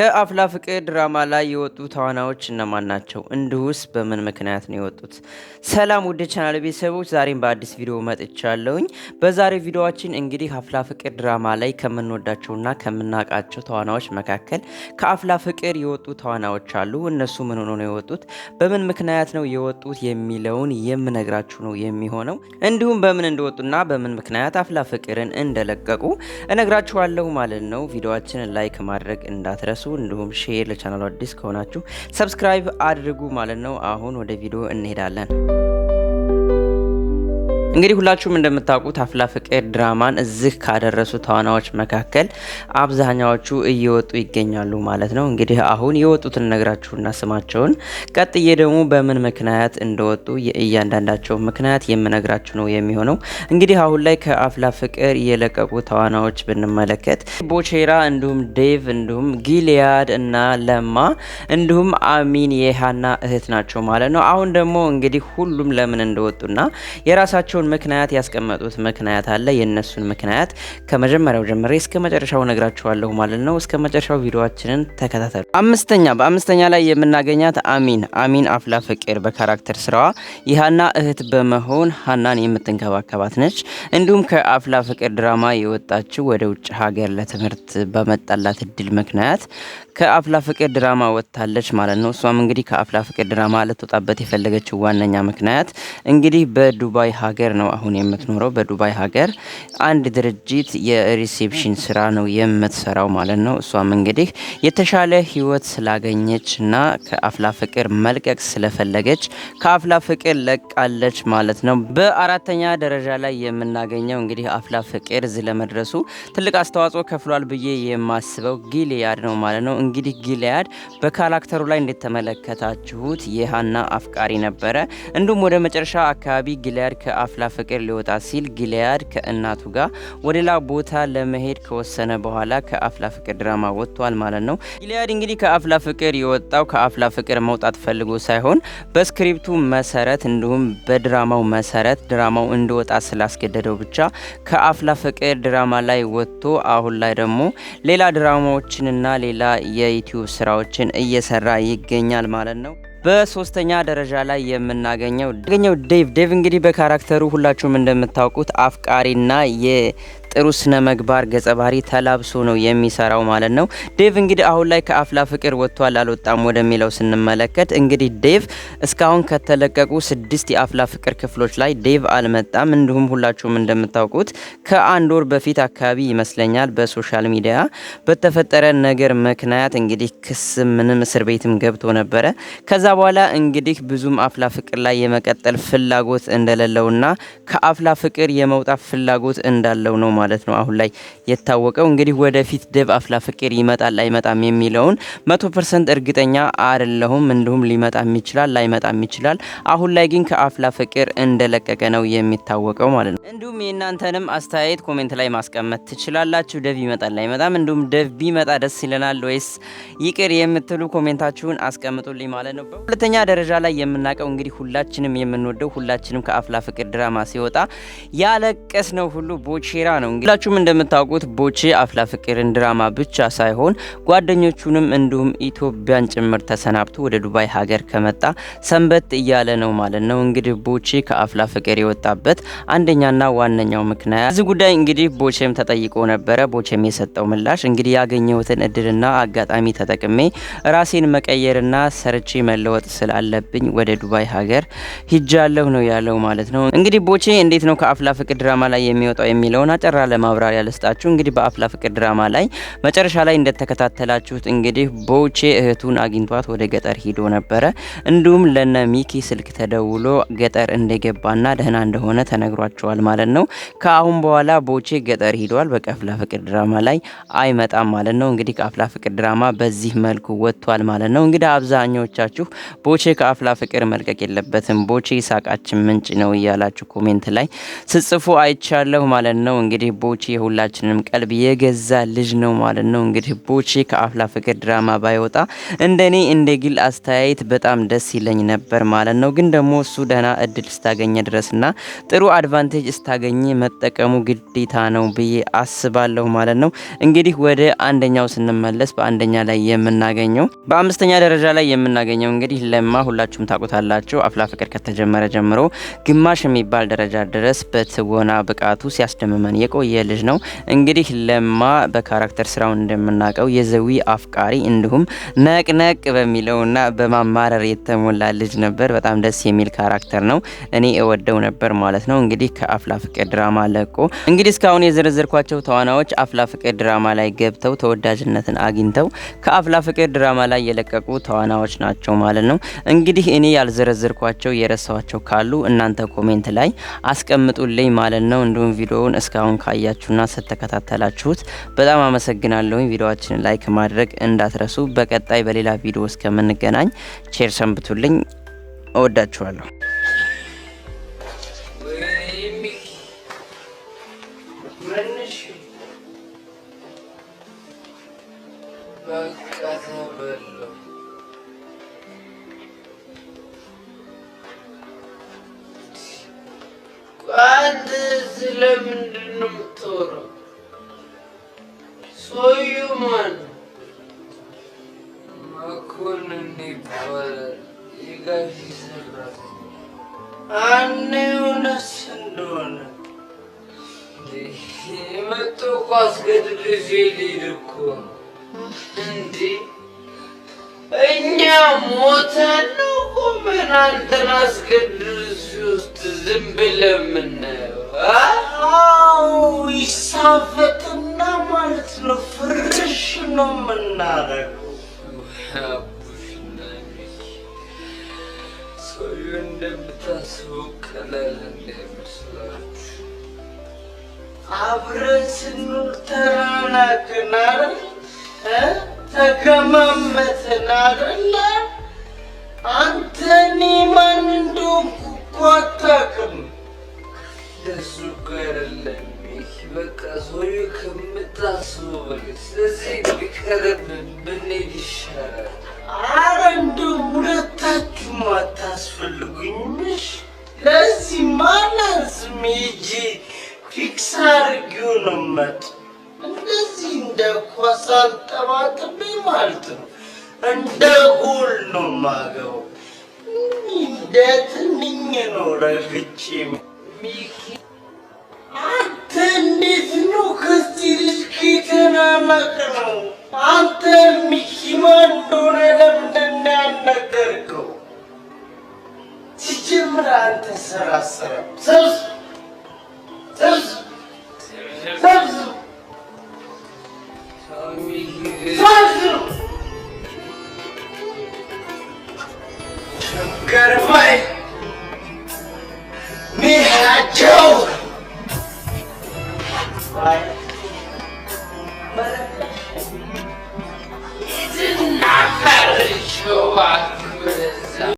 ከአፍላ ፍቅር ድራማ ላይ የወጡ ተዋናዮች እነማን ናቸው? እንዲሁስ በምን ምክንያት ነው የወጡት? ሰላም ውድ ቻናል ቤተሰቦች፣ ዛሬም በአዲስ ቪዲዮ መጥቻለሁኝ። በዛሬ ቪዲዮችን እንግዲህ አፍላ ፍቅር ድራማ ላይ ከምንወዳቸውና ከምናውቃቸው ተዋናዎች መካከል ከአፍላ ፍቅር የወጡ ተዋናዎች አሉ። እነሱ ምን ሆኖ ነው የወጡት፣ በምን ምክንያት ነው የወጡት የሚለውን የምነግራችሁ ነው የሚሆነው። እንዲሁም በምን እንደወጡና በምን ምክንያት አፍላ ፍቅርን እንደለቀቁ እነግራችኋለሁ ማለት ነው። ቪዲዮችን ላይክ ማድረግ እንዳትረሱ እንዲሁም ሼር፣ ለቻናሉ አዲስ ከሆናችሁ ሰብስክራይብ አድርጉ ማለት ነው። አሁን ወደ ቪዲዮ እንሄዳለን። እንግዲህ ሁላችሁም እንደምታውቁት አፍላ ፍቅር ድራማን እዚህ ካደረሱ ተዋናዎች መካከል አብዛኛዎቹ እየወጡ ይገኛሉ ማለት ነው። እንግዲህ አሁን የወጡትን ነግራችሁና ስማቸውን ቀጥዬ ደግሞ በምን ምክንያት እንደወጡ የእያንዳንዳቸው ምክንያት የምነግራችሁ ነው የሚሆነው። እንግዲህ አሁን ላይ ከአፍላ ፍቅር የለቀቁ ተዋናዎች ብንመለከት ቦቼራ፣ እንዲሁም ዴቭ፣ እንዲሁም ጊሊያድ እና ለማ እንዲሁም አሚን የሃና እህት ናቸው ማለት ነው። አሁን ደግሞ እንግዲህ ሁሉም ለምን እንደወጡና የራሳቸውን ምክንያት ያስቀመጡት ምክንያት አለ። የእነሱን ምክንያት ከመጀመሪያው ጀምሬ እስከ መጨረሻው ነግራችኋለሁ ማለት ነው። እስከ መጨረሻው ቪዲዮችንን ተከታተሉ። አምስተኛ በአምስተኛ ላይ የምናገኛት አሚን አሚን አፍላ ፍቅር በካራክተር ስራዋ የሀና እህት በመሆን ሀናን የምትንከባከባት ነች። እንዲሁም ከአፍላ ፍቅር ድራማ የወጣችው ወደ ውጭ ሀገር ለትምህርት በመጣላት እድል ምክንያት ከአፍላ ፍቅር ድራማ ወጥታለች ማለት ነው። እሷም እንግዲህ ከአፍላ ፍቅር ድራማ ልትወጣበት የፈለገችው ዋነኛ ምክንያት እንግዲህ በዱባይ ሀገር ነው አሁን የምትኖረው። በዱባይ ሀገር አንድ ድርጅት የሪሴፕሽን ስራ ነው የምትሰራው ማለት ነው። እሷም እንግዲህ የተሻለ ህይወት ስላገኘች እና ከአፍላ ፍቅር መልቀቅ ስለፈለገች ከአፍላ ፍቅር ለቃለች ማለት ነው። በአራተኛ ደረጃ ላይ የምናገኘው እንግዲህ አፍላ ፍቅር እዚህ ለመድረሱ ትልቅ አስተዋጽኦ ከፍሏል ብዬ የማስበው ጊልያድ ነው ማለት ነው። እንግዲህ ጊልያድ በካራክተሩ ላይ እንደተመለከታችሁት የሀና አፍቃሪ ነበረ። እንዲሁም ወደ መጨረሻ አካባቢ ጊልያድ ከአፍላ ፍቅር ሊወጣ ሲል ጊልያድ ከእናቱ ጋር ወደ ሌላ ቦታ ለመሄድ ከወሰነ በኋላ ከአፍላ ፍቅር ድራማ ወጥቷል ማለት ነው። ጊልያድ እንግዲህ ከአፍላ ፍቅር የወጣው ከአፍላ ፍቅር መውጣት ፈልጎ ሳይሆን በስክሪፕቱ መሰረት እንዲሁም በድራማው መሰረት ድራማው እንዲወጣ ስላስገደደው ብቻ ከአፍላ ፍቅር ድራማ ላይ ወጥቶ አሁን ላይ ደግሞ ሌላ ድራማዎችንና ሌላ የዩቲዩብ ስራዎችን እየሰራ ይገኛል ማለት ነው። በሶስተኛ ደረጃ ላይ የምናገኘው ገኘው ዴቭ ዴቭ እንግዲህ በካራክተሩ ሁላችሁም እንደምታውቁት አፍቃሪና ጥሩ ስነ መግባር ገጸ ባህሪ ተላብሶ ነው የሚሰራው ማለት ነው። ዴቭ እንግዲህ አሁን ላይ ከአፍላ ፍቅር ወጥቷል አልወጣም ወደሚለው ስንመለከት እንግዲህ ዴቭ እስካሁን ከተለቀቁ ስድስት የአፍላ ፍቅር ክፍሎች ላይ ዴቭ አልመጣም። እንዲሁም ሁላችሁም እንደምታውቁት ከአንድ ወር በፊት አካባቢ ይመስለኛል በሶሻል ሚዲያ በተፈጠረ ነገር ምክንያት እንግዲህ ክስ ምንም እስር ቤትም ገብቶ ነበረ። ከዛ በኋላ እንግዲህ ብዙም አፍላ ፍቅር ላይ የመቀጠል ፍላጎት እንደሌለውና ከአፍላ ፍቅር የመውጣት ፍላጎት እንዳለው ነው ማለት ማለት ነው። አሁን ላይ የታወቀው እንግዲህ ወደፊት ደብ አፍላ ፍቅር ይመጣል አይመጣም የሚለውን መቶ ፐርሰንት እርግጠኛ አይደለሁም። እንዲሁም ሊመጣም ይችላል ላይመጣም ይችላል። አሁን ላይ ግን ከአፍላ ፍቅር እንደለቀቀ ነው የሚታወቀው ማለት ነው። እንዲሁም የእናንተንም አስተያየት ኮሜንት ላይ ማስቀመጥ ትችላላችሁ። ደብ ይመጣል ላይመጣም እንዲሁም ደብ ቢመጣ ደስ ይለናል ወይስ ይቅር የምትሉ ኮሜንታችሁን አስቀምጡልኝ ማለት ነው። በሁለተኛ ደረጃ ላይ የምናውቀው እንግዲህ ሁላችንም የምንወደው ሁላችንም ከአፍላ ፍቅር ድራማ ሲወጣ ያለቀስ ነው ሁሉ ቦቼራ ነው። ነው። እንግዲህ ሁላችሁም እንደምታውቁት ቦቼ አፍላ ፍቅርን ድራማ ብቻ ሳይሆን ጓደኞቹንም እንዲሁም ኢትዮጵያን ጭምር ተሰናብቶ ወደ ዱባይ ሀገር ከመጣ ሰንበት እያለ ነው ማለት ነው። እንግዲህ ቦቼ ከአፍላ ፍቅር የወጣበት አንደኛና ዋነኛው ምክንያት እዚህ ጉዳይ እንግዲህ ቦቼም ተጠይቆ ነበረ። ቦቼም የሰጠው ምላሽ እንግዲህ ያገኘሁትን እድልና አጋጣሚ ተጠቅሜ ራሴን መቀየርና ሰርቼ መለወጥ ስላለብኝ ወደ ዱባይ ሀገር ሂጃለሁ ነው ያለው ማለት ነው። እንግዲህ ቦቼ እንዴት ነው ከአፍላ ፍቅር ድራማ ላይ የሚወጣው የሚለውን አጨራ ያለ ማብራሪያ ልስጣችሁ። እንግዲህ በአፍላ ፍቅር ድራማ ላይ መጨረሻ ላይ እንደተከታተላችሁት እንግዲህ ቦቼ እህቱን አግኝቷት ወደ ገጠር ሂዶ ነበረ። እንዲሁም ለነ ሚኪ ስልክ ተደውሎ ገጠር እንደገባና ደህና እንደሆነ ተነግሯቸዋል ማለት ነው። ከአሁን በኋላ ቦቼ ገጠር ሂዷል። በአፍላ ፍቅር ድራማ ላይ አይመጣም ማለት ነው። እንግዲህ ከአፍላ ፍቅር ድራማ በዚህ መልኩ ወጥቷል ማለት ነው። እንግዲህ አብዛኞቻችሁ ቦቼ ከአፍላ ፍቅር መልቀቅ የለበትም ቦቼ ሳቃችን ምንጭ ነው እያላችሁ ኮሜንት ላይ ስጽፉ አይቻለሁ ማለት ነው እንግዲህ እንግዲህ ቦቼ የሁላችንም ቀልብ የገዛ ልጅ ነው ማለት ነው። እንግዲህ ቦቼ ከአፍላ ፍቅር ድራማ ባይወጣ እንደኔ እንደ ግል አስተያየት በጣም ደስ ይለኝ ነበር ማለት ነው። ግን ደግሞ እሱ ደህና እድል እስታገኘ ድረስና ጥሩ አድቫንቴጅ እስታገኘ መጠቀሙ ግዴታ ነው ብዬ አስባለሁ ማለት ነው። እንግዲህ ወደ አንደኛው ስንመለስ በአንደኛ ላይ የምናገኘው በአምስተኛ ደረጃ ላይ የምናገኘው እንግዲህ ለማ ሁላችሁም ታውቁታላችሁ። አፍላ ፍቅር ከተጀመረ ጀምሮ ግማሽ የሚባል ደረጃ ድረስ በትወና ብቃቱ ሲያስደምመን የቆ የቆየ የልጅ ነው። እንግዲህ ለማ በካራክተር ስራው እንደምናውቀው የዘዊ አፍቃሪ እንዲሁም ነቅነቅ በሚለውና በማማረር የተሞላ ልጅ ነበር። በጣም ደስ የሚል ካራክተር ነው። እኔ እወደው ነበር ማለት ነው። እንግዲህ ከአፍላ ፍቅር ድራማ ለቆ እንግዲህ እስካሁን የዘረዘርኳቸው ተዋናዎች አፍላ ፍቅር ድራማ ላይ ገብተው ተወዳጅነትን አግኝተው ከአፍላ ፍቅር ድራማ ላይ የለቀቁ ተዋናዎች ናቸው ማለት ነው። እንግዲህ እኔ ያልዘረዘርኳቸው የረሳኋቸው ካሉ እናንተ ኮሜንት ላይ አስቀምጡልኝ ማለት ነው። እንዲሁም ቪዲዮውን እስካሁን ካያችሁና ስተከታተላችሁት በጣም አመሰግናለሁኝ። ቪዲዮችንን ላይክ ማድረግ እንዳትረሱ። በቀጣይ በሌላ ቪዲዮ እስከምንገናኝ ቼር ሰንብቱልኝ። እወዳችኋለሁ። አንተ ስለምንድን não touro. Soy humano. መኮንን ይባላል። የጋሽ ሰራተኛ አነ እውነት እንደሆነ መጥቶ እኮ አስገድዶ ሊሄድ እኮ እንዴ! እኛ ሞተን ነው ቁመን አንተን አስገድዶ ሲወስድ ዝም ብለን ይሳፈጥና ማለት ነው ፍርሽ ነው የምናደርገው። ሰውዬው እንደምታስበው ቀላል እንዳይመስላችሁ አብረን ስንል ተናናቅን አይደል? ተገማመትን አይደል? አንተ እኔ ማን እንደሆንኩ እኮ አታውቅም። እንደሱ አይደለም። ይህ በቃ ሰው ከምታስበው በላይ። ስለዚህ እንግዲህ ቀደም ብንሄድ ይሻላል። ኧረ እንደው ሁለታችሁም አታስፈልጉኝም። እሺ ለዚህ ማላንስም ሂጅ ፊክስ አድርጊው ነው የምመጣው። እንደዚህ እንደ ኳስ አንጠባጥቤ ማለት ነው እንደ ጎል ነው እንደ ትንኝ ነው ረግጬ አንተ እንዴት ነው ከዚህ ልጅ የተናመቅ ነው? አንተ ሚኪ ማን እንደሆነ ለምንድን ነው ሲጀምር አንተ ስራ ስራ ሰብስብ ሰብስብ ሰብስብ ሰብስብ